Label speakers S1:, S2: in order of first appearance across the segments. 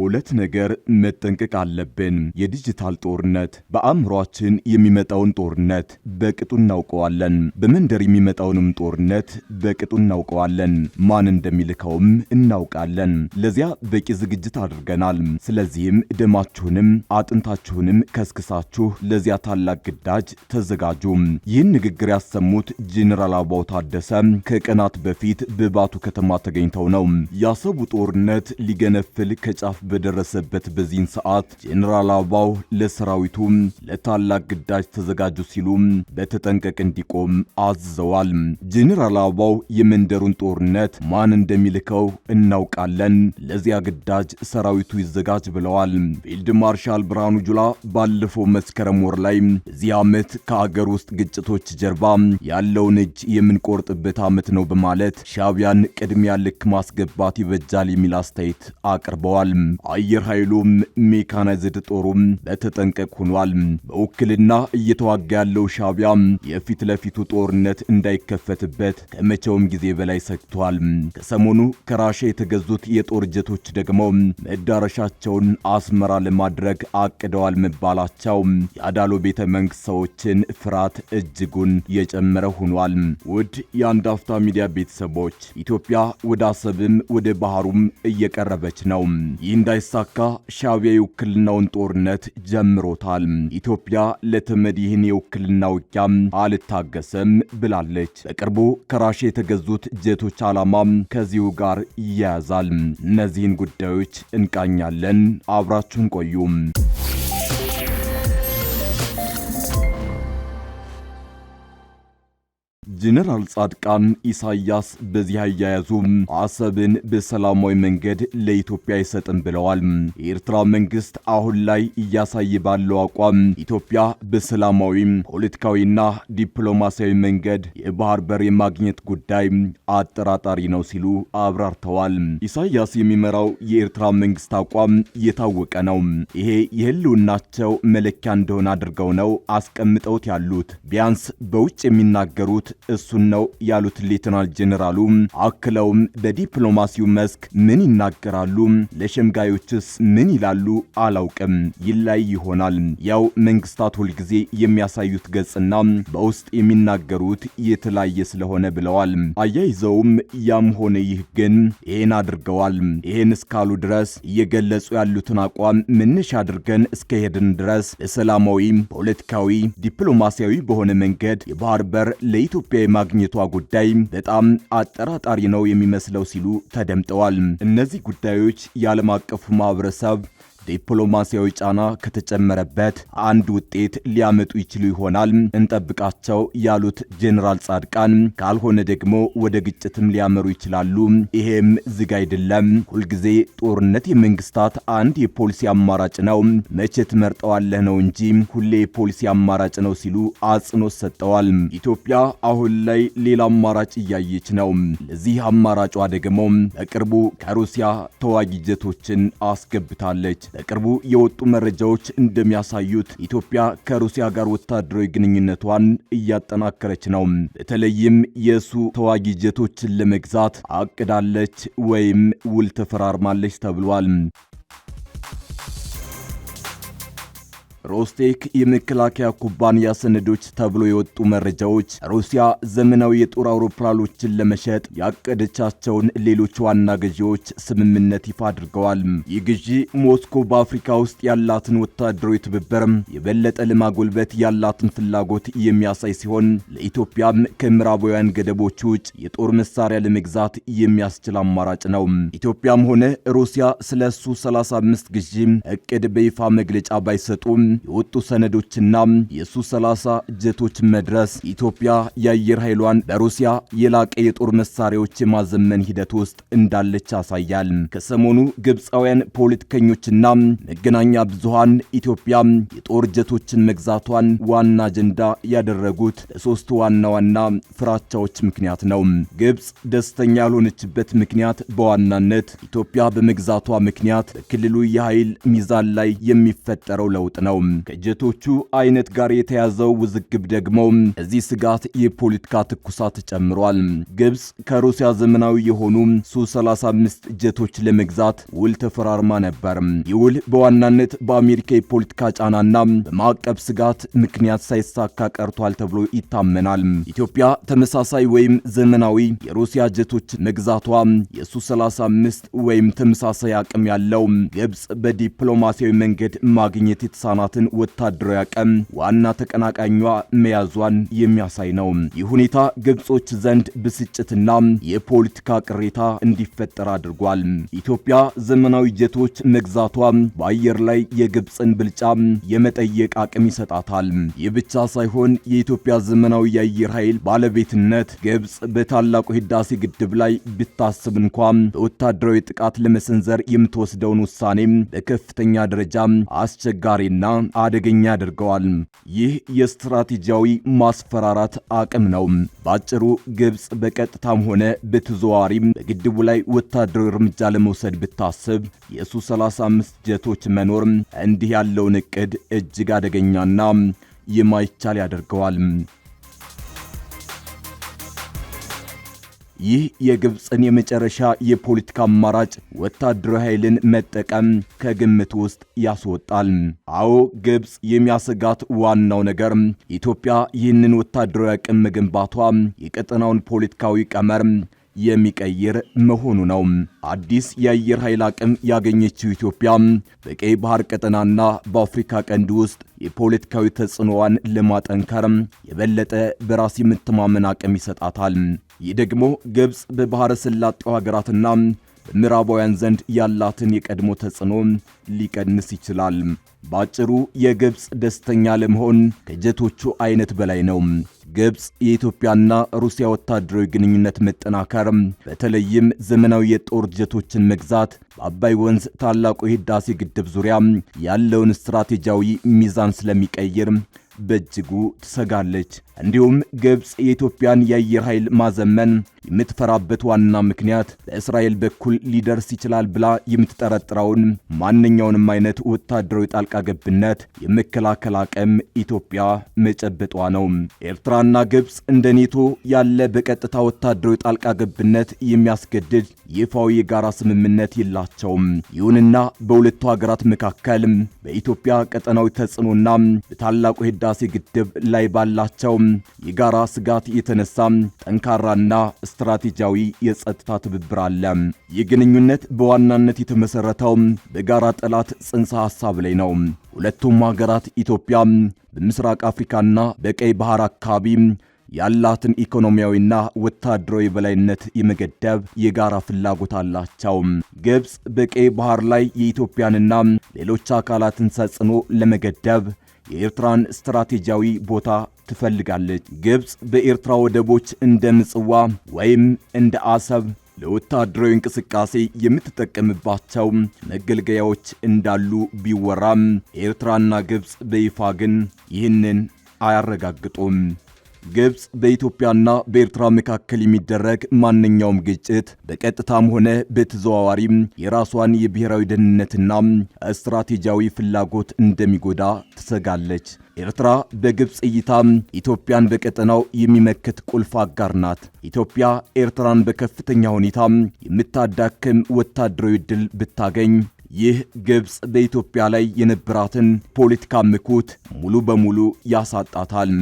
S1: ሁለት ነገር መጠንቀቅ አለብን። የዲጂታል ጦርነት በአእምሯችን የሚመጣውን ጦርነት በቅጡ እናውቀዋለን። በመንደር የሚመጣውንም ጦርነት በቅጡ እናውቀዋለን። ማን እንደሚልከውም እናውቃለን። ለዚያ በቂ ዝግጅት አድርገናል። ስለዚህም ደማችሁንም አጥንታችሁንም ከስክሳችሁ ለዚያ ታላቅ ግዳጅ ተዘጋጁ። ይህን ንግግር ያሰሙት ጄኔራል አበባው ታደሰ ከቀናት በፊት በባቱ ከተማ ተገኝተው ነው። ያሰቡ ጦርነት ሊገነፍል ከጫፍ በደረሰበት በዚህን ሰዓት ጄኔራል አበባው ለሰራዊቱ ለታላቅ ግዳጅ ተዘጋጁ ሲሉ በተጠንቀቅ እንዲቆም አዝዘዋል። ጄኔራል አበባው የመንደሩን ጦርነት ማን እንደሚልከው እናውቃለን፣ ለዚያ ግዳጅ ሰራዊቱ ይዘጋጅ ብለዋል። ፊልድ ማርሻል ብርሃኑ ጁላ ባለፈው መስከረም ወር ላይ በዚህ ዓመት ከአገር ውስጥ ግጭቶች ጀርባ ያለውን እጅ የምንቆርጥበት ዓመት ነው በማለት ሻቢያን ቅድሚያ ልክ ማስገባት ይበጃል የሚል አስተያየት አቅርበዋል። አየር ኃይሉም ሜካናይዝድ ጦሩም በተጠንቀቅ ሆኗል። በውክልና እየተዋጋ ያለው ሻቢያ የፊት ለፊቱ ጦርነት እንዳይከፈትበት ከመቼውም ጊዜ በላይ ሰግቷል። ከሰሞኑ ከራሻ የተገዙት የጦር ጀቶች ደግሞ መዳረሻቸውን አስመራ ለማድረግ አቅደዋል መባላቸው የአዳሎ ቤተ መንግስት ሰዎችን ፍርሃት እጅጉን የጨመረ ሆኗል። ውድ የአንድ አፍታ ሚዲያ ቤተሰቦች ኢትዮጵያ ወደ አሰብም ወደ ባህሩም እየቀረበች ነው። ይህን እንዳይሳካ ሻቢያ የውክልናውን ጦርነት ጀምሮታል። ኢትዮጵያ ለተመድ ይህን የውክልና ውጊያ አልታገሰም ብላለች። በቅርቡ ከራሽ የተገዙት ጀቶች ዓላማ ከዚሁ ጋር ይያያዛል። እነዚህን ጉዳዮች እንቃኛለን። አብራችሁን ቆዩም። ጀኔራል ጻድቃን ኢሳያስ በዚህ አያያዙም አሰብን በሰላማዊ መንገድ ለኢትዮጵያ አይሰጥም ብለዋል። የኤርትራ መንግስት አሁን ላይ እያሳየ ባለው አቋም ኢትዮጵያ በሰላማዊ ፖለቲካዊና ዲፕሎማሲያዊ መንገድ የባህር በር የማግኘት ጉዳይ አጠራጣሪ ነው ሲሉ አብራርተዋል። ኢሳያስ የሚመራው የኤርትራ መንግስት አቋም የታወቀ ነው። ይሄ የህልውናቸው መለኪያ እንደሆነ አድርገው ነው አስቀምጠውት ያሉት ቢያንስ በውጭ የሚናገሩት እሱን ነው ያሉት ሌተናል ጄኔራሉ አክለውም በዲፕሎማሲው መስክ ምን ይናገራሉ፣ ለሸምጋዮችስ ምን ይላሉ አላውቅም፣ ይላይ ይሆናል። ያው መንግስታት ሁልጊዜ የሚያሳዩት ገጽና በውስጥ የሚናገሩት የተለያየ ስለሆነ ብለዋል። አያይዘውም ያም ሆነ ይህ ግን ይህን አድርገዋል። ይህን እስካሉ ድረስ እየገለጹ ያሉትን አቋም መነሻ አድርገን እስከሄድን ድረስ በሰላማዊ ፖለቲካዊ፣ ዲፕሎማሲያዊ በሆነ መንገድ የባህር በር ለኢትዮ ከኢትዮጵያ የማግኘቷ ጉዳይ በጣም አጠራጣሪ ነው የሚመስለው ሲሉ ተደምጠዋል። እነዚህ ጉዳዮች የዓለም አቀፉ ማህበረሰብ ዲፕሎማሲያዊ ጫና ከተጨመረበት አንድ ውጤት ሊያመጡ ይችሉ ይሆናል እንጠብቃቸው ያሉት ጄኔራል ጻድቃን ካልሆነ ደግሞ ወደ ግጭትም ሊያመሩ ይችላሉ። ይሄም ዝግ አይደለም። ሁልጊዜ ጦርነት የመንግስታት አንድ የፖሊሲ አማራጭ ነው። መቼ ትመርጠዋለህ ነው እንጂ ሁሌ የፖሊሲ አማራጭ ነው ሲሉ አጽንኦት ሰጠዋል። ኢትዮጵያ አሁን ላይ ሌላ አማራጭ እያየች ነው። ለዚህ አማራጯ ደግሞ በቅርቡ ከሩሲያ ተዋጊ ጀቶችን አስገብታለች። በቅርቡ የወጡ መረጃዎች እንደሚያሳዩት ኢትዮጵያ ከሩሲያ ጋር ወታደራዊ ግንኙነቷን እያጠናከረች ነው። በተለይም የሱ ተዋጊ ጀቶችን ለመግዛት አቅዳለች ወይም ውል ተፈራርማለች ተብሏል። ሮስቴክ የመከላከያ ኩባንያ ሰነዶች ተብሎ የወጡ መረጃዎች ሩሲያ ዘመናዊ የጦር አውሮፕላኖችን ለመሸጥ ያቀደቻቸውን ሌሎች ዋና ገዢዎች ስምምነት ይፋ አድርገዋል። ይህ ግዢ ሞስኮ በአፍሪካ ውስጥ ያላትን ወታደራዊ ትብብር የበለጠ ለማጎልበት ያላትን ፍላጎት የሚያሳይ ሲሆን ለኢትዮጵያም ከምዕራባውያን ገደቦች ውጭ የጦር መሳሪያ ለመግዛት የሚያስችል አማራጭ ነው። ኢትዮጵያም ሆነ ሩሲያ ስለ 35 ግዢ እቅድ በይፋ መግለጫ ባይሰጡም የወጡ ሰነዶችና የሱ 30 ጀቶች መድረስ ኢትዮጵያ የአየር ኃይሏን በሩሲያ የላቀ የጦር መሳሪያዎች የማዘመን ሂደት ውስጥ እንዳለች ያሳያል። ከሰሞኑ ግብፃውያን ፖለቲከኞችና መገናኛ ብዙሃን ኢትዮጵያ የጦር ጀቶችን መግዛቷን ዋና አጀንዳ ያደረጉት ለሶስት ዋና ዋና ፍራቻዎች ምክንያት ነው። ግብፅ ደስተኛ ያልሆነችበት ምክንያት በዋናነት ኢትዮጵያ በመግዛቷ ምክንያት በክልሉ የኃይል ሚዛን ላይ የሚፈጠረው ለውጥ ነው። ከጀቶቹ አይነት ጋር የተያዘው ውዝግብ ደግሞ እዚህ ስጋት የፖለቲካ ትኩሳት ጨምሯል። ግብጽ ከሩሲያ ዘመናዊ የሆኑ ሱ-35 ጀቶች ለመግዛት ውል ተፈራርማ ነበር። ይህ ውል በዋናነት በአሜሪካ የፖለቲካ ጫናና በማዕቀብ ስጋት ምክንያት ሳይሳካ ቀርቷል ተብሎ ይታመናል። ኢትዮጵያ ተመሳሳይ ወይም ዘመናዊ የሩሲያ ጀቶች መግዛቷ የሱ-35 ወይም ተመሳሳይ አቅም ያለው ግብጽ በዲፕሎማሲያዊ መንገድ ማግኘት የተሳናት ያላትን ወታደራዊ አቅም ዋና ተቀናቃኟ መያዟን የሚያሳይ ነው። ይህ ሁኔታ ግብጾች ዘንድ ብስጭትና የፖለቲካ ቅሬታ እንዲፈጠር አድርጓል። ኢትዮጵያ ዘመናዊ ጀቶች መግዛቷ በአየር ላይ የግብጽን ብልጫ የመጠየቅ አቅም ይሰጣታል። ይህ ብቻ ሳይሆን የኢትዮጵያ ዘመናዊ የአየር ኃይል ባለቤትነት ግብጽ በታላቁ ህዳሴ ግድብ ላይ ብታስብ እንኳ በወታደራዊ ጥቃት ለመሰንዘር የምትወስደውን ውሳኔ በከፍተኛ ደረጃ አስቸጋሪና አደገኛ ያደርገዋል። ይህ የስትራቴጂያዊ ማስፈራራት አቅም ነው። በአጭሩ ግብፅ በቀጥታም ሆነ በተዘዋዋሪም በግድቡ ላይ ወታደራዊ እርምጃ ለመውሰድ ብታስብ የሱ 35 ጀቶች መኖር እንዲህ ያለውን እቅድ እጅግ አደገኛና የማይቻል ያደርገዋል። ይህ የግብፅን የመጨረሻ የፖለቲካ አማራጭ ወታደራዊ ኃይልን መጠቀም ከግምት ውስጥ ያስወጣል። አዎ ግብፅ የሚያሰጋት ዋናው ነገር ኢትዮጵያ ይህንን ወታደራዊ አቅም መገንባቷ የቀጠናውን ፖለቲካዊ ቀመር የሚቀይር መሆኑ ነው። አዲስ የአየር ኃይል አቅም ያገኘችው ኢትዮጵያ በቀይ ባህር ቀጠናና በአፍሪካ ቀንድ ውስጥ የፖለቲካዊ ተጽዕኖዋን ለማጠንከር የበለጠ በራስ የምትማመን አቅም ይሰጣታል። ይህ ደግሞ ግብፅ በባሕረ ሰላጤው ሀገራትና በምዕራባውያን ዘንድ ያላትን የቀድሞ ተጽዕኖ ሊቀንስ ይችላል። በአጭሩ የግብፅ ደስተኛ ለመሆን ከጀቶቹ አይነት በላይ ነው። ግብፅ የኢትዮጵያና ሩሲያ ወታደራዊ ግንኙነት መጠናከር፣ በተለይም ዘመናዊ የጦር ጀቶችን መግዛት፣ በአባይ ወንዝ ታላቁ የህዳሴ ግድብ ዙሪያ ያለውን ስትራቴጂያዊ ሚዛን ስለሚቀይር በእጅጉ ትሰጋለች። እንዲሁም ግብፅ የኢትዮጵያን የአየር ኃይል ማዘመን የምትፈራበት ዋና ምክንያት በእስራኤል በኩል ሊደርስ ይችላል ብላ የምትጠረጥረውን ማንኛውንም አይነት ወታደራዊ ጣልቃ ገብነት የመከላከል አቅም ኢትዮጵያ መጨበጧ ነው። ኤርትራና ግብፅ እንደ ኔቶ ያለ በቀጥታ ወታደራዊ ጣልቃ ገብነት የሚያስገድድ ይፋዊ የጋራ ስምምነት የላቸውም። ይሁንና በሁለቱ ሀገራት መካከል በኢትዮጵያ ቀጠናዊ ተጽዕኖና በታላቁ ህዳሴ ግድብ ላይ ባላቸው የጋራ ስጋት የተነሳ ጠንካራና ስትራቴጂያዊ የጸጥታ ትብብር አለ። ይህ ግንኙነት በዋናነት የተመሰረተው በጋራ ጠላት ጽንሰ ሐሳብ ላይ ነው። ሁለቱም ሀገራት ኢትዮጵያ በምስራቅ አፍሪካና በቀይ ባህር አካባቢ ያላትን ኢኮኖሚያዊና ወታደራዊ በላይነት የመገደብ የጋራ ፍላጎት አላቸው። ግብፅ በቀይ ባህር ላይ የኢትዮጵያንና ሌሎች አካላትን ተጽዕኖ ለመገደብ የኤርትራን ስትራቴጂያዊ ቦታ ትፈልጋለች። ግብፅ በኤርትራ ወደቦች እንደ ምጽዋ ወይም እንደ አሰብ ለወታደራዊ እንቅስቃሴ የምትጠቀምባቸው መገልገያዎች እንዳሉ ቢወራም ኤርትራና ግብፅ በይፋ ግን ይህንን አያረጋግጡም። ግብፅ በኢትዮጵያና በኤርትራ መካከል የሚደረግ ማንኛውም ግጭት በቀጥታም ሆነ በተዘዋዋሪ የራሷን የብሔራዊ ደህንነትና ስትራቴጂያዊ ፍላጎት እንደሚጎዳ ትሰጋለች። ኤርትራ በግብፅ እይታ ኢትዮጵያን በቀጠናው የሚመክት ቁልፍ አጋር ናት። ኢትዮጵያ ኤርትራን በከፍተኛ ሁኔታ የምታዳክም ወታደራዊ ድል ብታገኝ ይህ ግብፅ በኢትዮጵያ ላይ የነበራትን ፖለቲካ ምኩት ሙሉ በሙሉ ያሳጣታል።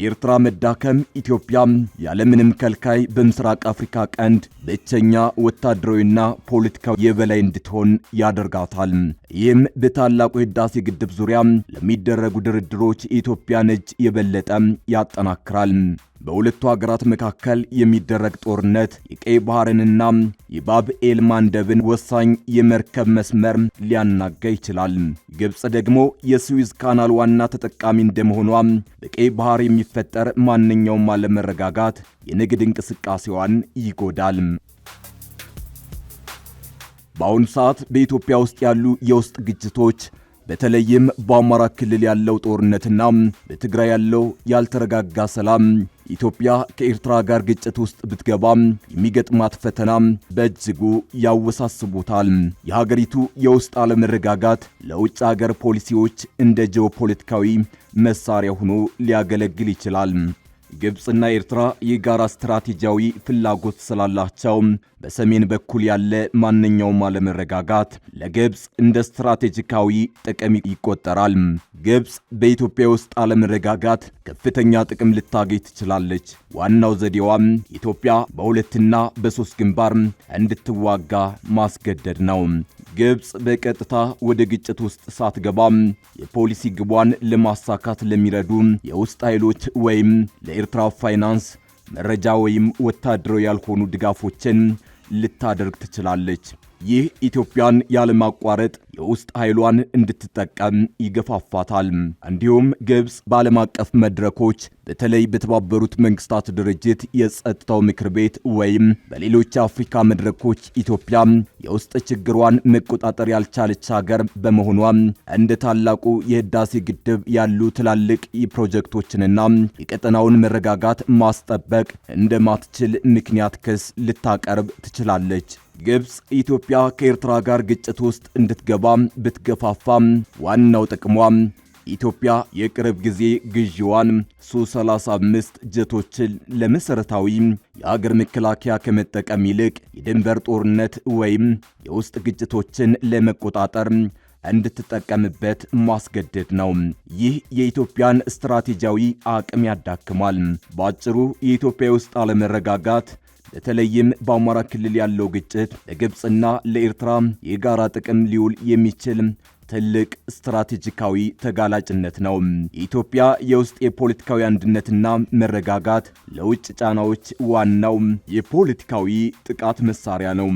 S1: የኤርትራ መዳከም ኢትዮጵያ ያለምንም ከልካይ በምስራቅ አፍሪካ ቀንድ ብቸኛ ወታደራዊና ፖለቲካዊ የበላይ እንድትሆን ያደርጋታል። ይህም በታላቁ የህዳሴ ግድብ ዙሪያ ለሚደረጉ ድርድሮች የኢትዮጵያን እጅ የበለጠ ያጠናክራል። በሁለቱ ሀገራት መካከል የሚደረግ ጦርነት የቀይ ባህርንና የባብ ኤል ማንደብን ወሳኝ የመርከብ መስመር ሊያናጋ ይችላል። ግብፅ ደግሞ የስዊዝ ካናል ዋና ተጠቃሚ እንደመሆኗ በቀይ ባህር የሚፈጠር ማንኛውም አለመረጋጋት የንግድ እንቅስቃሴዋን ይጎዳል። በአሁኑ ሰዓት በኢትዮጵያ ውስጥ ያሉ የውስጥ ግጭቶች በተለይም በአማራ ክልል ያለው ጦርነትና በትግራይ ያለው ያልተረጋጋ ሰላም ኢትዮጵያ ከኤርትራ ጋር ግጭት ውስጥ ብትገባም የሚገጥማት ፈተና በእጅጉ ያወሳስቦታል። የሀገሪቱ የውስጥ አለመረጋጋት ለውጭ ሀገር ፖሊሲዎች እንደ ጂኦፖለቲካዊ መሳሪያ ሆኖ ሊያገለግል ይችላል። ግብፅና ኤርትራ የጋራ ስትራቴጂያዊ ፍላጎት ስላላቸው በሰሜን በኩል ያለ ማንኛውም አለመረጋጋት ለግብፅ እንደ ስትራቴጂካዊ ጥቅም ይቆጠራል። ግብፅ በኢትዮጵያ ውስጥ አለመረጋጋት ከፍተኛ ጥቅም ልታገኝ ትችላለች። ዋናው ዘዴዋም ኢትዮጵያ በሁለትና በሶስት ግንባር እንድትዋጋ ማስገደድ ነው። ግብፅ በቀጥታ ወደ ግጭት ውስጥ ሳትገባ የፖሊሲ ግቧን ለማሳካት ለሚረዱ የውስጥ ኃይሎች ወይም ለኤርትራ ፋይናንስ መረጃ ወይም ወታደራዊ ያልሆኑ ድጋፎችን ልታደርግ ትችላለች። ይህ ኢትዮጵያን ያለማቋረጥ የውስጥ ኃይሏን እንድትጠቀም ይገፋፋታል። እንዲሁም ግብፅ በዓለም አቀፍ መድረኮች በተለይ በተባበሩት መንግስታት ድርጅት የጸጥታው ምክር ቤት ወይም በሌሎች የአፍሪካ መድረኮች ኢትዮጵያ የውስጥ ችግሯን መቆጣጠር ያልቻለች ሀገር በመሆኗ እንደ ታላቁ የህዳሴ ግድብ ያሉ ትላልቅ ፕሮጀክቶችንና የቀጠናውን መረጋጋት ማስጠበቅ እንደማትችል ምክንያት ክስ ልታቀርብ ትችላለች። ግብፅ ኢትዮጵያ ከኤርትራ ጋር ግጭት ውስጥ እንድትገባ ብትገፋፋም ዋናው ጥቅሟ ኢትዮጵያ የቅርብ ጊዜ ግዢዋን ሱ-35 ጀቶችን ለመሠረታዊ የአገር መከላከያ ከመጠቀም ይልቅ የድንበር ጦርነት ወይም የውስጥ ግጭቶችን ለመቆጣጠር እንድትጠቀምበት ማስገደድ ነው። ይህ የኢትዮጵያን ስትራቴጂያዊ አቅም ያዳክማል። በአጭሩ የኢትዮጵያ ውስጥ አለመረጋጋት በተለይም በአማራ ክልል ያለው ግጭት ለግብፅና ለኤርትራ የጋራ ጥቅም ሊውል የሚችል ትልቅ ስትራቴጂካዊ ተጋላጭነት ነው። የኢትዮጵያ የውስጥ የፖለቲካዊ አንድነትና መረጋጋት ለውጭ ጫናዎች ዋናው የፖለቲካዊ ጥቃት መሳሪያ ነው።